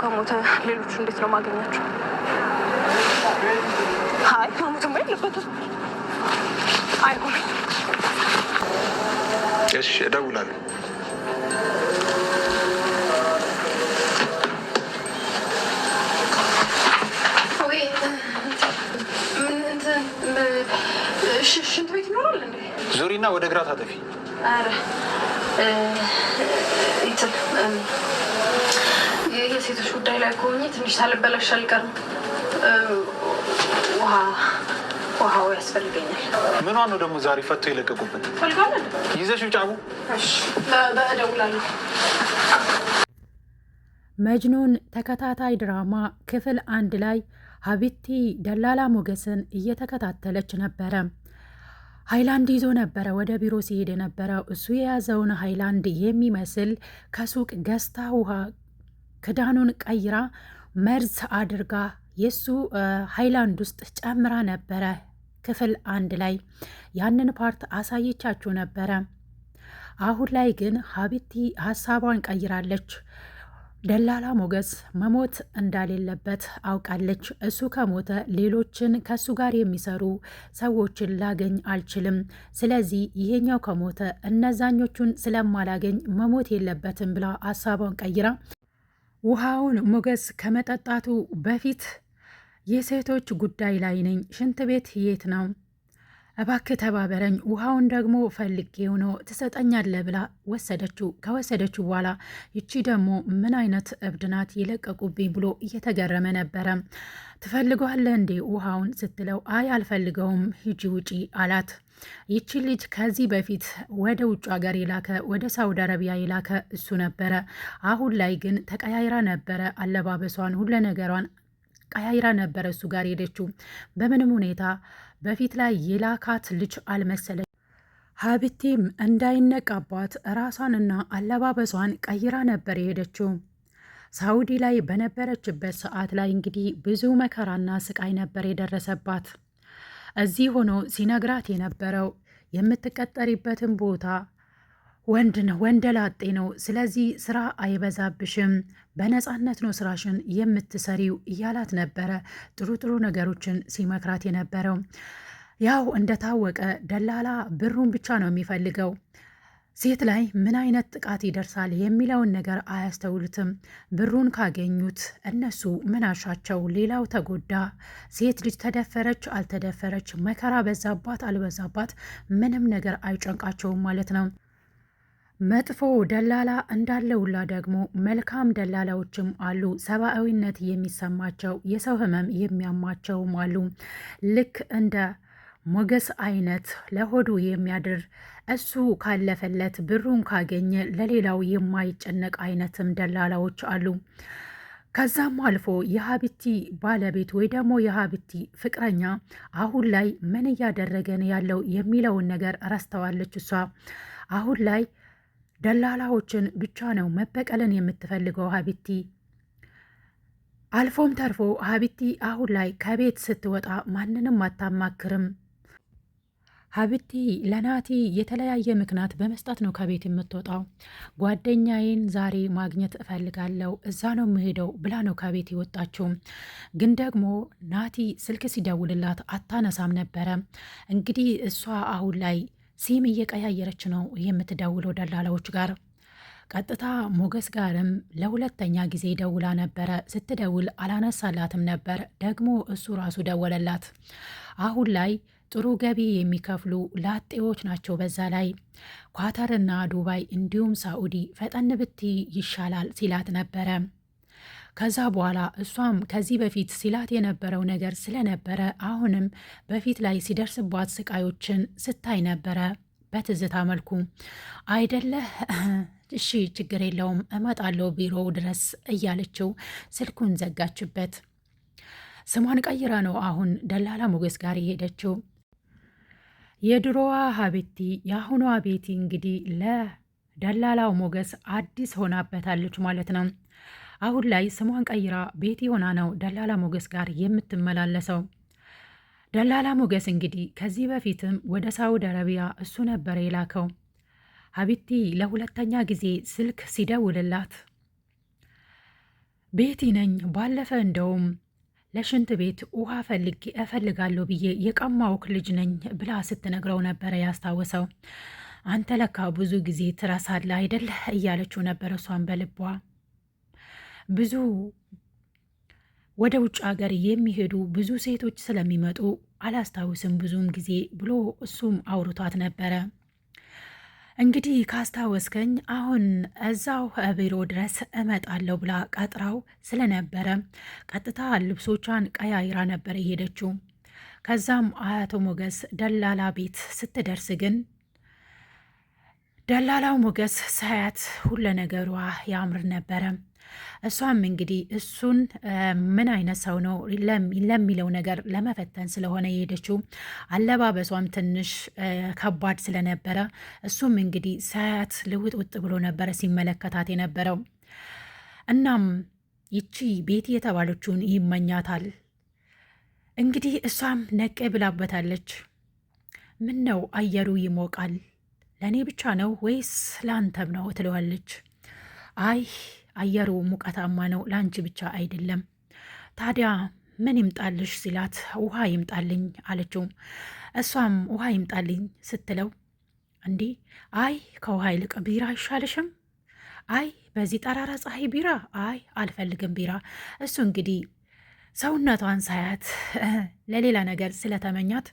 ከሞተ ሌሎቹ እንዴት ነው ማገኛቸው? አይ ከሞትማ የለበትም። አይሆንም። እሺ እደውላለሁ። ሽንት ቤት ይኖራል እንዴ? ዙሪና ወደ ግራ ታጠፊ ሴቶች ጉዳይ ላይ ከሆኝ ትንሽ ሳልበላሽ አልቀርም። ውሃ ውሃው ያስፈልገኛል። ምኗ ነው ደግሞ ዛሬ ፈቶ የለቀቁበት? ፈልጋለ ይዘሽ ጫቡ በእደውላለሁ። መጅኑን ተከታታይ ድራማ ክፍል አንድ ላይ ሀቢቲ ደላላ ሞገስን እየተከታተለች ነበረ። ሀይላንድ ይዞ ነበረ ወደ ቢሮ ሲሄድ የነበረው እሱ የያዘውን ሀይላንድ የሚመስል ከሱቅ ገዝታ ውሃ ክዳኑን ቀይራ መርዝ አድርጋ የእሱ ሃይላንድ ውስጥ ጨምራ ነበረ። ክፍል አንድ ላይ ያንን ፓርት አሳይቻችሁ ነበረ። አሁን ላይ ግን ሀቢቲ ሀሳቧን ቀይራለች። ደላላ ሞገስ መሞት እንዳሌለበት አውቃለች። እሱ ከሞተ ሌሎችን ከእሱ ጋር የሚሰሩ ሰዎችን ላገኝ አልችልም። ስለዚህ ይሄኛው ከሞተ እነዛኞቹን ስለማላገኝ መሞት የለበትም ብላ ሀሳቧን ቀይራ ውሃውን ሞገስ ከመጠጣቱ በፊት የሴቶች ጉዳይ ላይ ነኝ፣ ሽንት ቤት የት ነው እባክህ ተባበረኝ፣ ውሃውን ደግሞ ፈልጌው ነው ትሰጠኛለህ ብላ ወሰደችው። ከወሰደችው በኋላ ይቺ ደግሞ ምን አይነት እብድ ናት የለቀቁብኝ ብሎ እየተገረመ ነበረ። ትፈልገዋለህ እንዴ ውሃውን ስትለው፣ አይ አልፈልገውም፣ ሂጂ ውጪ አላት። ይቺ ልጅ ከዚህ በፊት ወደ ውጭ ሀገር የላከ ወደ ሳውዲ አረቢያ የላከ እሱ ነበረ። አሁን ላይ ግን ተቀያይራ ነበረ። አለባበሷን፣ ሁለ ነገሯን ቀያይራ ነበረ እሱ ጋር ሄደችው። በምንም ሁኔታ በፊት ላይ የላካት ልጅ አልመሰለ ሀብቴም እንዳይነቃባት ራሷንና አለባበሷን ቀይራ ነበር የሄደችው። ሳውዲ ላይ በነበረችበት ሰዓት ላይ እንግዲህ ብዙ መከራና ስቃይ ነበር የደረሰባት። እዚህ ሆኖ ሲነግራት የነበረው የምትቀጠሪበትን ቦታ ወንድ ነው፣ ላጤ ነው። ስለዚህ ስራ አይበዛብሽም፣ በነፃነት ነው ስራሽን የምትሰሪው እያላት ነበረ። ጥሩ ጥሩ ነገሮችን ሲመክራት የነበረው ያው እንደታወቀ ደላላ ብሩን ብቻ ነው የሚፈልገው። ሴት ላይ ምን አይነት ጥቃት ይደርሳል የሚለውን ነገር አያስተውሉትም። ብሩን ካገኙት እነሱ ምናሻቸው፣ ሌላው ተጎዳ። ሴት ልጅ ተደፈረች አልተደፈረች፣ መከራ በዛባት አልበዛባት፣ ምንም ነገር አይጨንቃቸውም ማለት ነው። መጥፎ ደላላ እንዳለ ሁላ ደግሞ መልካም ደላላዎችም አሉ። ሰብአዊነት የሚሰማቸው የሰው ህመም የሚያማቸውም አሉ። ልክ እንደ ሞገስ አይነት ለሆዱ የሚያድር እሱ ካለፈለት ብሩን ካገኘ ለሌላው የማይጨነቅ አይነትም ደላላዎች አሉ። ከዛም አልፎ የሀብቲ ባለቤት ወይ ደግሞ የሀብቲ ፍቅረኛ አሁን ላይ ምን እያደረገን ያለው የሚለውን ነገር ረስተዋለች እሷ አሁን ላይ ደላላዎችን ብቻ ነው መበቀልን የምትፈልገው ሀቢቲ። አልፎም ተርፎ ሀቢቲ አሁን ላይ ከቤት ስትወጣ ማንንም አታማክርም። ሀቢቲ ለናቲ የተለያየ ምክንያት በመስጠት ነው ከቤት የምትወጣው። ጓደኛዬን ዛሬ ማግኘት እፈልጋለሁ እዛ ነው የምሄደው ብላ ነው ከቤት የወጣችው። ግን ደግሞ ናቲ ስልክ ሲደውልላት አታነሳም ነበረ። እንግዲህ እሷ አሁን ላይ ሲም እየቀያየረች ነው የምትደውለው ደላላዎች ጋር ቀጥታ ሞገስ ጋርም ለሁለተኛ ጊዜ ደውላ ነበረ። ስትደውል አላነሳላትም ነበር። ደግሞ እሱ ራሱ ደወለላት። አሁን ላይ ጥሩ ገቢ የሚከፍሉ ላጤዎች ናቸው። በዛ ላይ ኳተርና ዱባይ እንዲሁም ሳኡዲ ፈጠን ብቲ ይሻላል ሲላት ነበረ። ከዛ በኋላ እሷም ከዚህ በፊት ሲላት የነበረው ነገር ስለነበረ አሁንም በፊት ላይ ሲደርስባት ስቃዮችን ስታይ ነበረ በትዝታ መልኩ አይደለህ። እሺ ችግር የለውም እመጣለሁ ቢሮው ድረስ እያለችው ስልኩን ዘጋችበት። ስሟን ቀይራ ነው አሁን ደላላ ሞገስ ጋር የሄደችው። የድሮዋ ሀቤቲ የአሁኗ ቤቲ እንግዲህ ለደላላው ሞገስ አዲስ ሆናበታለች ማለት ነው። አሁን ላይ ስሟን ቀይራ ቤቲ ሆና ነው ደላላ ሞገስ ጋር የምትመላለሰው። ደላላ ሞገስ እንግዲህ ከዚህ በፊትም ወደ ሳውዲ አረቢያ እሱ ነበር የላከው። ሀቢቲ ለሁለተኛ ጊዜ ስልክ ሲደውልላት ቤቲ ነኝ፣ ባለፈ እንደውም ለሽንት ቤት ውሃ ፈልግ እፈልጋለሁ ብዬ የቀማውክ ልጅ ነኝ ብላ ስትነግረው ነበረ ያስታወሰው። አንተ ለካ ብዙ ጊዜ ትረሳለህ አይደል እያለችው ነበር እሷን በልቧ ብዙ ወደ ውጭ ሀገር የሚሄዱ ብዙ ሴቶች ስለሚመጡ አላስታውስም ብዙም ጊዜ ብሎ እሱም አውርቷት ነበረ። እንግዲህ ካስታወስከኝ አሁን እዛው ቢሮ ድረስ እመጣለሁ ብላ ቀጥራው ስለነበረ ቀጥታ ልብሶቿን ቀያይራ ነበር የሄደችው። ከዛም አያቶ ሞገስ ደላላ ቤት ስትደርስ ግን ደላላው ሞገስ ሳያት ሁለ ነገሯ ያምር ነበረ። እሷም እንግዲህ እሱን ምን አይነት ሰው ነው ለሚለው ነገር ለመፈተን ስለሆነ የሄደችው አለባበሷም ትንሽ ከባድ ስለነበረ እሱም እንግዲህ ሳያት ልውጥ ውጥ ብሎ ነበረ ሲመለከታት የነበረው። እናም ይቺ ቤቲ የተባለችውን ይመኛታል። እንግዲህ እሷም ነቄ ብላበታለች። ምን ነው አየሩ ይሞቃል፣ ለእኔ ብቻ ነው ወይስ ለአንተም ነው ትለዋለች። አይ አየሩ ሙቀታማ ነው፣ ለአንቺ ብቻ አይደለም። ታዲያ ምን ይምጣልሽ ሲላት ውሃ ይምጣልኝ አለችው። እሷም ውሃ ይምጣልኝ ስትለው እንዲህ አይ ከውሃ ይልቅ ቢራ አይሻልሽም? አይ በዚህ ጠራራ ፀሐይ ቢራ አይ አልፈልግም ቢራ። እሱ እንግዲህ ሰውነቷን ሳያት ለሌላ ነገር ስለተመኛት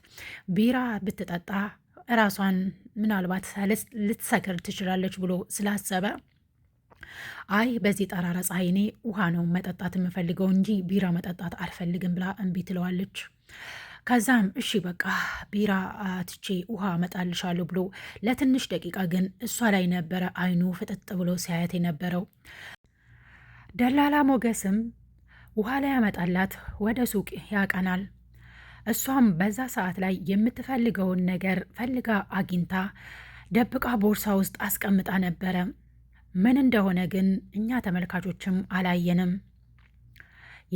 ቢራ ብትጠጣ እራሷን ምናልባት ልትሰክር ትችላለች ብሎ ስላሰበ አይ በዚህ ጠራራ ፀሐይ እኔ ውሃ ነው መጠጣት የምፈልገው እንጂ ቢራ መጠጣት አልፈልግም ብላ እምቢ ትለዋለች። ከዛም እሺ በቃ ቢራ ትቼ ውሃ መጣልሻለሁ ብሎ ለትንሽ ደቂቃ ግን እሷ ላይ ነበረ አይኑ ፍጥጥ ብሎ ሲያየት የነበረው። ደላላ ሞገስም ውሃ ላይ ያመጣላት ወደ ሱቅ ያቀናል። እሷም በዛ ሰዓት ላይ የምትፈልገውን ነገር ፈልጋ አግኝታ ደብቃ ቦርሳ ውስጥ አስቀምጣ ነበረ። ምን እንደሆነ ግን እኛ ተመልካቾችም አላየንም።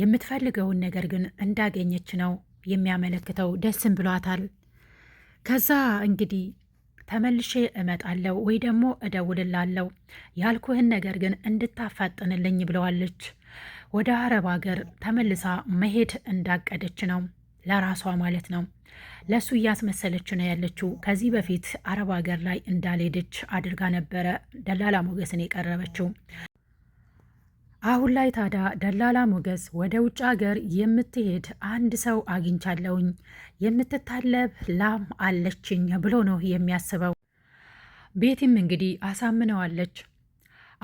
የምትፈልገውን ነገር ግን እንዳገኘች ነው የሚያመለክተው። ደስም ብሏታል። ከዛ እንግዲህ ተመልሼ እመጣለሁ ወይ ደግሞ እደውልላለሁ፣ ያልኩህን ነገር ግን እንድታፋጥንልኝ ብለዋለች። ወደ አረብ ሀገር ተመልሳ መሄድ እንዳቀደች ነው ለራሷ ማለት ነው። ለእሱ እያስመሰለች ነው ያለችው። ከዚህ በፊት አረብ ሀገር ላይ እንዳልሄደች አድርጋ ነበረ ደላላ ሞገስን የቀረበችው። አሁን ላይ ታዲያ ደላላ ሞገስ ወደ ውጭ ሀገር የምትሄድ አንድ ሰው አግኝቻለሁኝ፣ የምትታለብ ላም አለችኝ ብሎ ነው የሚያስበው። ቤቲም እንግዲህ አሳምነዋለች።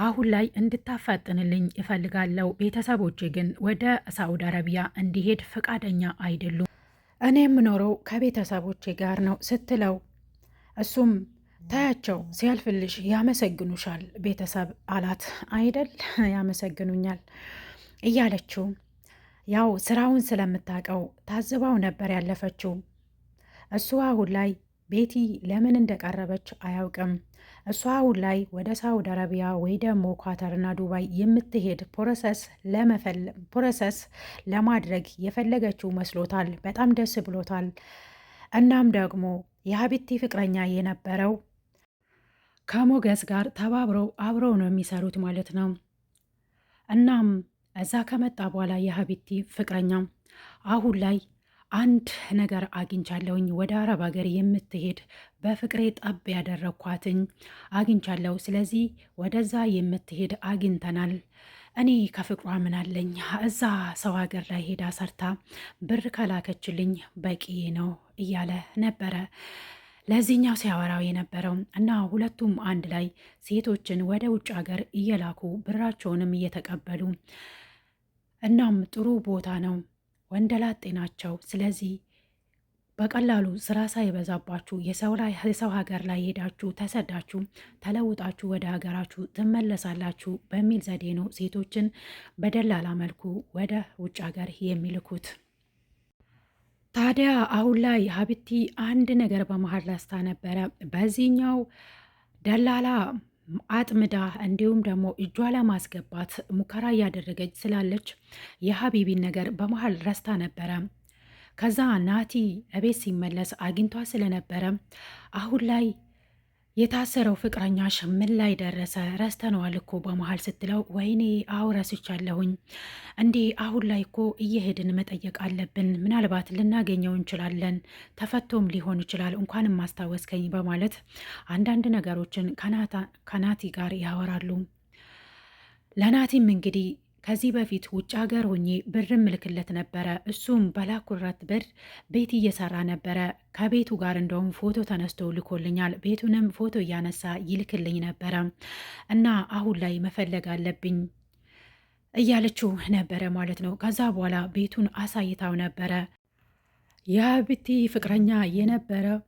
አሁን ላይ እንድታፋጥንልኝ እፈልጋለሁ፣ ቤተሰቦች ግን ወደ ሳዑዲ አረቢያ እንዲሄድ ፈቃደኛ አይደሉም። እኔ የምኖረው ከቤተሰቦቼ ጋር ነው ስትለው እሱም ታያቸው ሲያልፍልሽ ያመሰግኑሻል ቤተሰብ አላት። አይደል ያመሰግኑኛል እያለችው ያው ስራውን ስለምታውቀው ታዝባው ነበር ያለፈችው። እሱ አሁን ላይ ቤቲ ለምን እንደቀረበች አያውቅም። እሷ አሁን ላይ ወደ ሳውዲ አረቢያ ወይ ደግሞ ኳተርና ዱባይ የምትሄድ ፕሮሰስ ፕሮሰስ ለማድረግ የፈለገችው መስሎታል። በጣም ደስ ብሎታል። እናም ደግሞ የሀቢቲ ፍቅረኛ የነበረው ከሞገስ ጋር ተባብረው አብረው ነው የሚሰሩት ማለት ነው። እናም እዛ ከመጣ በኋላ የሀቢቲ ፍቅረኛ አሁን ላይ አንድ ነገር አግኝቻለሁኝ። ወደ አረብ ሀገር የምትሄድ በፍቅሬ ጠብ ያደረግኳትኝ አግኝቻለሁ። ስለዚህ ወደዛ የምትሄድ አግኝተናል። እኔ ከፍቅሯ ምን አለኝ? እዛ ሰው ሀገር ላይ ሄዳ ሰርታ ብር ከላከችልኝ በቂ ነው እያለ ነበረ ለዚህኛው ሲያወራው የነበረው እና ሁለቱም አንድ ላይ ሴቶችን ወደ ውጭ ሀገር እየላኩ ብራቸውንም እየተቀበሉ እናም ጥሩ ቦታ ነው ወንደላጤ ናቸው። ስለዚህ በቀላሉ ስራ ሳይበዛባችሁ የሰው ሀገር ላይ ሄዳችሁ ተሰዳችሁ ተለውጣችሁ ወደ ሀገራችሁ ትመለሳላችሁ በሚል ዘዴ ነው ሴቶችን በደላላ መልኩ ወደ ውጭ ሀገር የሚልኩት። ታዲያ አሁን ላይ ሀብቲ አንድ ነገር በመሀል ላስታ ነበረ። በዚህኛው ደላላ አጥምዳ እንዲሁም ደግሞ እጇ ለማስገባት ሙከራ እያደረገች ስላለች የሀቢቢን ነገር በመሀል ረስታ ነበረ። ከዛ ናቲ እቤት ሲመለስ አግኝቷ ስለነበረ አሁን ላይ የታሰረው ፍቅረኛሽ ምን ላይ ደረሰ? ረስተነዋል እኮ በመሀል ስትለው፣ ወይኔ አዎ ረስቻለሁኝ። እንዲህ አሁን ላይ እኮ እየሄድን መጠየቅ አለብን። ምናልባት ልናገኘው እንችላለን። ተፈቶም ሊሆን ይችላል። እንኳንም ማስታወስከኝ በማለት አንዳንድ ነገሮችን ከናቲ ጋር ያወራሉ። ለናቲም እንግዲህ ከዚህ በፊት ውጭ ሀገር ሆኜ ብር ምልክለት ነበረ። እሱም በላኩረት ብር ቤት እየሰራ ነበረ። ከቤቱ ጋር እንደውም ፎቶ ተነስቶ ልኮልኛል። ቤቱንም ፎቶ እያነሳ ይልክልኝ ነበረ እና አሁን ላይ መፈለግ አለብኝ እያለችው ነበረ ማለት ነው። ከዛ በኋላ ቤቱን አሳይታው ነበረ የሀብቲ ፍቅረኛ የነበረው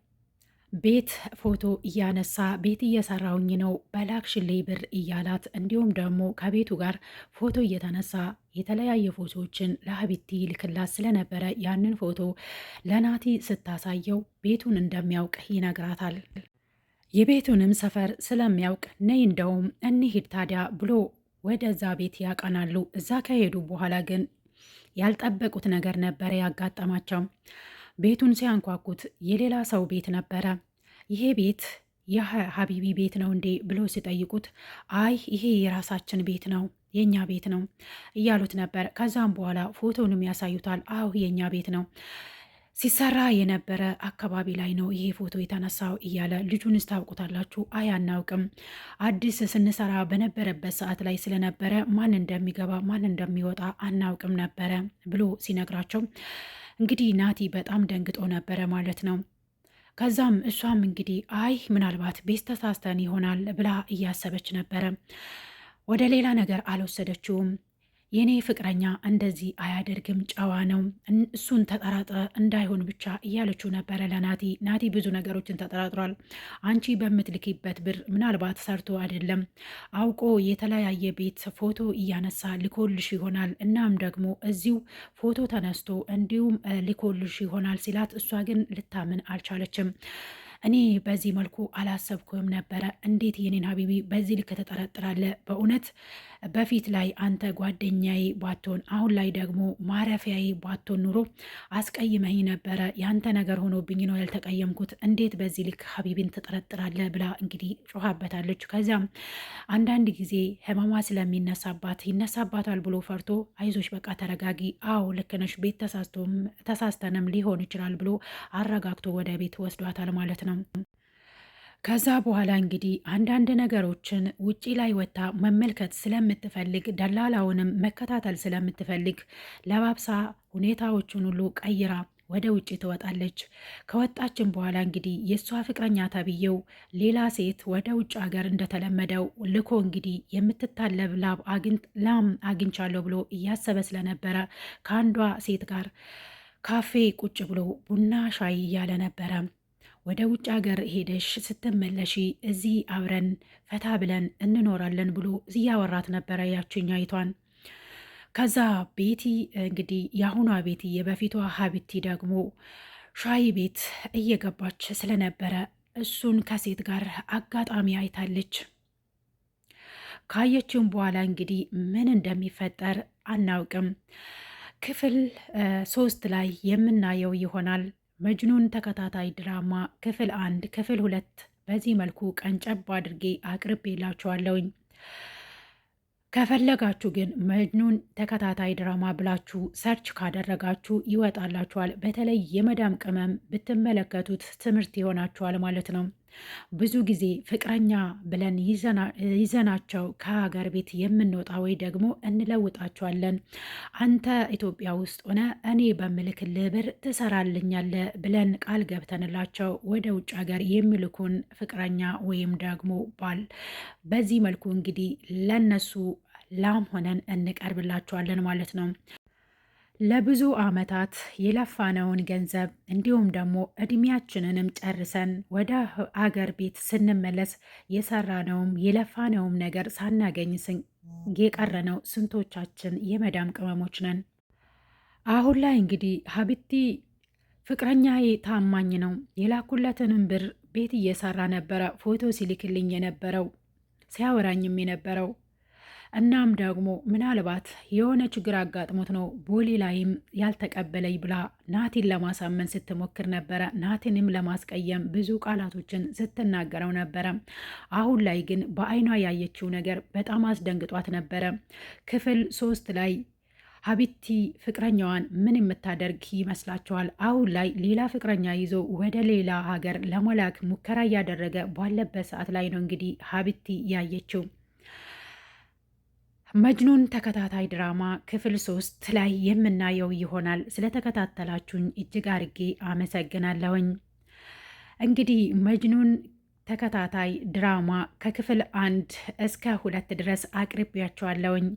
ቤት ፎቶ እያነሳ ቤት እየሰራውኝ ነው በላክሽሌ ብር እያላት እንዲሁም ደግሞ ከቤቱ ጋር ፎቶ እየተነሳ የተለያየ ፎቶዎችን ለሀቢቲ ይልክላት ስለነበረ ያንን ፎቶ ለናቲ ስታሳየው ቤቱን እንደሚያውቅ ይነግራታል። የቤቱንም ሰፈር ስለሚያውቅ ነይ እንደውም እንሂድ ታዲያ ብሎ ወደዛ ቤት ያቀናሉ። እዛ ከሄዱ በኋላ ግን ያልጠበቁት ነገር ነበረ ያጋጠማቸው። ቤቱን ሲያንኳኩት የሌላ ሰው ቤት ነበረ። ይሄ ቤት የሀቢቢ ቤት ነው እንዴ ብሎ ሲጠይቁት፣ አይ ይሄ የራሳችን ቤት ነው የእኛ ቤት ነው እያሉት ነበር። ከዛም በኋላ ፎቶንም ያሳዩታል። አሁ የእኛ ቤት ነው ሲሰራ የነበረ አካባቢ ላይ ነው ይሄ ፎቶ የተነሳው እያለ ልጁን ስታውቁታላችሁ? አይ አናውቅም፣ አዲስ ስንሰራ በነበረበት ሰዓት ላይ ስለነበረ ማን እንደሚገባ ማን እንደሚወጣ አናውቅም ነበረ ብሎ ሲነግራቸው እንግዲህ ናቲ በጣም ደንግጦ ነበረ ማለት ነው። ከዛም እሷም እንግዲህ አይ ምናልባት ቤት ተሳስተን ይሆናል ብላ እያሰበች ነበረ። ወደ ሌላ ነገር አልወሰደችውም። የኔ ፍቅረኛ እንደዚህ አያደርግም፣ ጨዋ ነው። እሱን ተጠራጥረ እንዳይሆን ብቻ እያለችው ነበረ ለናቲ። ናቲ ብዙ ነገሮችን ተጠራጥሯል። አንቺ በምትልኪበት ብር ምናልባት ሰርቶ አይደለም አውቆ የተለያየ ቤት ፎቶ እያነሳ ልኮልሽ ይሆናል፣ እናም ደግሞ እዚሁ ፎቶ ተነስቶ እንዲሁም ልኮልሽ ይሆናል ሲላት፣ እሷ ግን ልታምን አልቻለችም። እኔ በዚህ መልኩ አላሰብኩም ነበረ። እንዴት የኔን ሀቢቢ በዚህ ልክ ተጠረጥራለ? በእውነት በፊት ላይ አንተ ጓደኛዬ ባትሆን፣ አሁን ላይ ደግሞ ማረፊያዬ ባትሆን ኑሮ አስቀይመኝ ነበረ። ያንተ ነገር ሆኖብኝ ነው ያልተቀየምኩት። እንዴት በዚህ ልክ ሀቢቢን ተጠረጥራለ? ብላ እንግዲህ ጮኻበታለች። ከዚያም አንዳንድ ጊዜ ህመማ ስለሚነሳባት ይነሳባታል ብሎ ፈርቶ አይዞች በቃ ተረጋጊ፣ አዎ ልክ ነሽ፣ ቤት ተሳስተንም ሊሆን ይችላል ብሎ አረጋግቶ ወደ ቤት ወስዷታል ማለት ነው። ነው። ከዛ በኋላ እንግዲህ አንዳንድ ነገሮችን ውጪ ላይ ወጥታ መመልከት ስለምትፈልግ ደላላውንም መከታተል ስለምትፈልግ ለባብሳ ሁኔታዎቹን ሁሉ ቀይራ ወደ ውጭ ትወጣለች። ከወጣችን በኋላ እንግዲህ የእሷ ፍቅረኛ ተብዬው ሌላ ሴት ወደ ውጭ ሀገር እንደተለመደው ልኮ እንግዲህ የምትታለብ ላም አግኝቻለሁ ብሎ እያሰበ ስለነበረ ከአንዷ ሴት ጋር ካፌ ቁጭ ብሎ ቡና ሻይ እያለ ነበረ። ወደ ውጭ ሀገር ሄደሽ ስትመለሺ እዚህ አብረን ፈታ ብለን እንኖራለን ብሎ እያወራት ነበረ አይቷን ከዛ ቤቲ እንግዲህ የአሁኗ ቤቲ የበፊቷ ሀቢቲ ደግሞ ሻይ ቤት እየገባች ስለነበረ እሱን ከሴት ጋር አጋጣሚ አይታለች። ካየችም በኋላ እንግዲህ ምን እንደሚፈጠር አናውቅም። ክፍል ሶስት ላይ የምናየው ይሆናል። መጅኑን ተከታታይ ድራማ ክፍል አንድ፣ ክፍል ሁለት በዚህ መልኩ ቀንጨብ አድርጌ አቅርቤላችኋለሁኝ። ከፈለጋችሁ ግን መጅኑን ተከታታይ ድራማ ብላችሁ ሰርች ካደረጋችሁ ይወጣላችኋል። በተለይ የመዳም ቅመም ብትመለከቱት ትምህርት ይሆናችኋል ማለት ነው። ብዙ ጊዜ ፍቅረኛ ብለን ይዘናቸው ከሀገር ቤት የምንወጣ ወይ ደግሞ እንለውጣቸዋለን። አንተ ኢትዮጵያ ውስጥ ሆነ እኔ በምልክልህ ብር ትሰራልኛለህ ብለን ቃል ገብተንላቸው ወደ ውጭ ሀገር የሚልኩን ፍቅረኛ ወይም ደግሞ ባል በዚህ መልኩ እንግዲህ ለነሱ ላም ሆነን እንቀርብላቸዋለን ማለት ነው። ለብዙ ዓመታት የለፋነውን ገንዘብ እንዲሁም ደግሞ እድሜያችንንም ጨርሰን ወደ አገር ቤት ስንመለስ የሰራነውም የለፋነውም ነገር ሳናገኝ የቀረነው ስንቶቻችን የመዳም ቅመሞች ነን። አሁን ላይ እንግዲህ ሀብቲ ፍቅረኛዬ ታማኝ ነው፣ የላኩለትንም ብር ቤት እየሰራ ነበረ ፎቶ ሲልክልኝ የነበረው ሲያወራኝም የነበረው እናም ደግሞ ምናልባት የሆነ ችግር አጋጥሞት ነው ቦሌ ላይም ያልተቀበለኝ ብላ ናቲን ለማሳመን ስትሞክር ነበረ። ናቲንም ለማስቀየም ብዙ ቃላቶችን ስትናገረው ነበረ። አሁን ላይ ግን በአይኗ ያየችው ነገር በጣም አስደንግጧት ነበረ። ክፍል ሶስት ላይ ሀቢቲ ፍቅረኛዋን ምን የምታደርግ ይመስላችኋል? አሁን ላይ ሌላ ፍቅረኛ ይዞ ወደ ሌላ ሀገር ለመላክ ሙከራ እያደረገ ባለበት ሰዓት ላይ ነው እንግዲህ ሀቢቲ ያየችው። መጅኑን ተከታታይ ድራማ ክፍል ሶስት ላይ የምናየው ይሆናል። ስለተከታተላችሁኝ እጅግ አርጌ አመሰግናለሁኝ። እንግዲህ መጅኑን ተከታታይ ድራማ ከክፍል አንድ እስከ ሁለት ድረስ አቅርቤያችኋለሁኝ።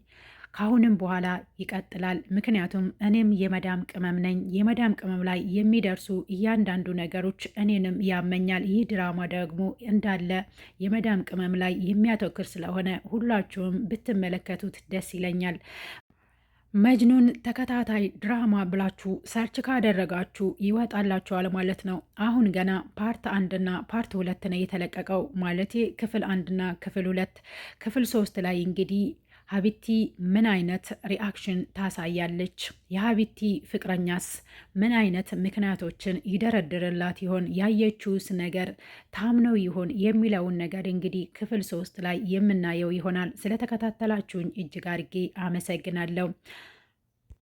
ከአሁንም በኋላ ይቀጥላል። ምክንያቱም እኔም የመዳም ቅመም ነኝ። የመዳም ቅመም ላይ የሚደርሱ እያንዳንዱ ነገሮች እኔንም ያመኛል። ይህ ድራማ ደግሞ እንዳለ የመዳም ቅመም ላይ የሚያተኩር ስለሆነ ሁላችሁም ብትመለከቱት ደስ ይለኛል። መጅኑን ተከታታይ ድራማ ብላችሁ ሰርች ካደረጋችሁ ይወጣላችኋል ማለት ነው። አሁን ገና ፓርት አንድና ፓርት ሁለት ነው የተለቀቀው ማለቴ ክፍል አንድና ክፍል ሁለት ክፍል ሶስት ላይ እንግዲህ ሀቢቲ ምን አይነት ሪአክሽን ታሳያለች? የሀቢቲ ፍቅረኛስ ምን አይነት ምክንያቶችን ይደረድርላት ይሆን? ያየችውስ ነገር ታምነው ይሆን የሚለውን ነገር እንግዲህ ክፍል ሶስት ላይ የምናየው ይሆናል። ስለተከታተላችሁኝ እጅግ አድርጌ አመሰግናለሁ።